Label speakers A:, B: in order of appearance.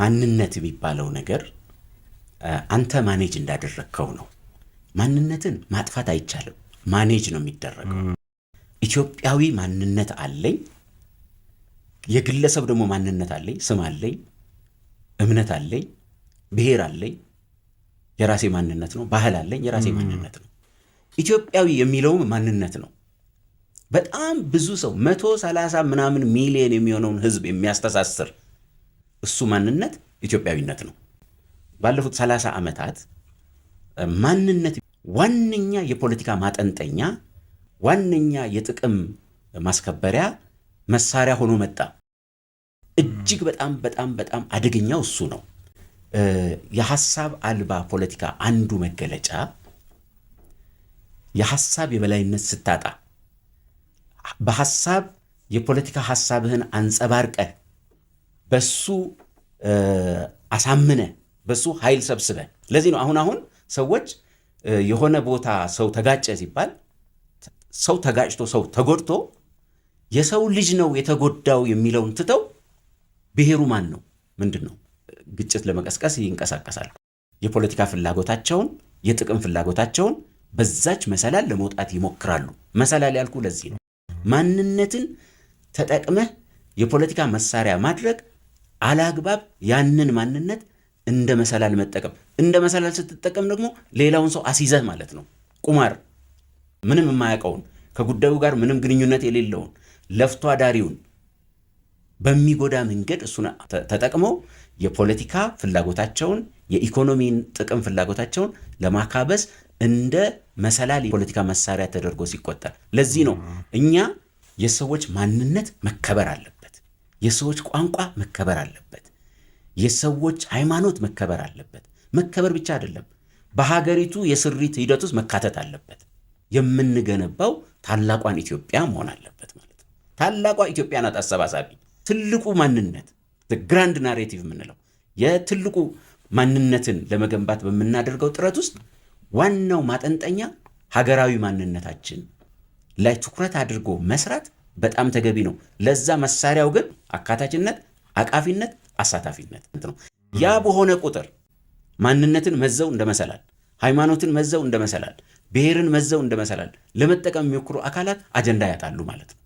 A: ማንነት የሚባለው ነገር አንተ ማኔጅ እንዳደረግከው ነው። ማንነትን ማጥፋት አይቻልም፣ ማኔጅ ነው የሚደረገው። ኢትዮጵያዊ ማንነት አለኝ፣ የግለሰብ ደግሞ ማንነት አለኝ፣ ስም አለኝ፣ እምነት አለኝ፣ ብሔር አለኝ፣ የራሴ ማንነት ነው። ባህል አለኝ፣ የራሴ ማንነት ነው። ኢትዮጵያዊ የሚለውም ማንነት ነው። በጣም ብዙ ሰው መቶ ሰላሳ ምናምን ሚሊየን የሚሆነውን ህዝብ የሚያስተሳስር እሱ ማንነት ኢትዮጵያዊነት ነው። ባለፉት ሰላሳ ዓመታት ማንነት ዋነኛ የፖለቲካ ማጠንጠኛ፣ ዋነኛ የጥቅም ማስከበሪያ መሳሪያ ሆኖ መጣ። እጅግ በጣም በጣም በጣም አደገኛው እሱ ነው። የሀሳብ አልባ ፖለቲካ አንዱ መገለጫ የሀሳብ የበላይነት ስታጣ፣ በሀሳብ የፖለቲካ ሐሳብህን አንጸባርቀህ በሱ አሳምነ በሱ ኃይል ሰብስበ። ለዚህ ነው አሁን አሁን ሰዎች የሆነ ቦታ ሰው ተጋጨ ሲባል ሰው ተጋጭቶ ሰው ተጎድቶ የሰው ልጅ ነው የተጎዳው የሚለውን ትተው ብሔሩ ማን ነው ምንድን ነው ግጭት ለመቀስቀስ ይንቀሳቀሳል የፖለቲካ ፍላጎታቸውን የጥቅም ፍላጎታቸውን በዛች መሰላል ለመውጣት ይሞክራሉ። መሰላል ያልኩ ለዚህ ነው። ማንነትን ተጠቅመህ የፖለቲካ መሳሪያ ማድረግ አላግባብ ያንን ማንነት እንደ መሰላል መጠቀም፣ እንደ መሰላል ስትጠቀም ደግሞ ሌላውን ሰው አስይዘህ ማለት ነው። ቁማር ምንም የማያውቀውን ከጉዳዩ ጋር ምንም ግንኙነት የሌለውን ለፍቶ አዳሪውን በሚጎዳ መንገድ እሱን ተጠቅመው የፖለቲካ ፍላጎታቸውን የኢኮኖሚን ጥቅም ፍላጎታቸውን ለማካበስ እንደ መሰላል የፖለቲካ መሳሪያ ተደርጎ ሲቆጠር፣ ለዚህ ነው እኛ የሰዎች ማንነት መከበር አለን። የሰዎች ቋንቋ መከበር አለበት። የሰዎች ሃይማኖት መከበር አለበት። መከበር ብቻ አይደለም፣ በሀገሪቱ የስሪት ሂደት ውስጥ መካተት አለበት። የምንገነባው ታላቋን ኢትዮጵያ መሆን አለበት ማለት ነው። ታላቋ ኢትዮጵያ ናት አሰባሳቢ። ትልቁ ማንነት ግራንድ ናሬቲቭ የምንለው የትልቁ ማንነትን ለመገንባት በምናደርገው ጥረት ውስጥ ዋናው ማጠንጠኛ ሀገራዊ ማንነታችን ላይ ትኩረት አድርጎ መስራት በጣም ተገቢ ነው። ለዛ መሳሪያው ግን አካታችነት፣ አቃፊነት፣ አሳታፊነት ነው። ያ በሆነ ቁጥር ማንነትን መዘው እንደመሰላል፣ ሃይማኖትን መዘው እንደመሰላል፣ ብሔርን መዘው እንደመሰላል ለመጠቀም የሚሞክሩ አካላት አጀንዳ ያጣሉ ማለት ነው።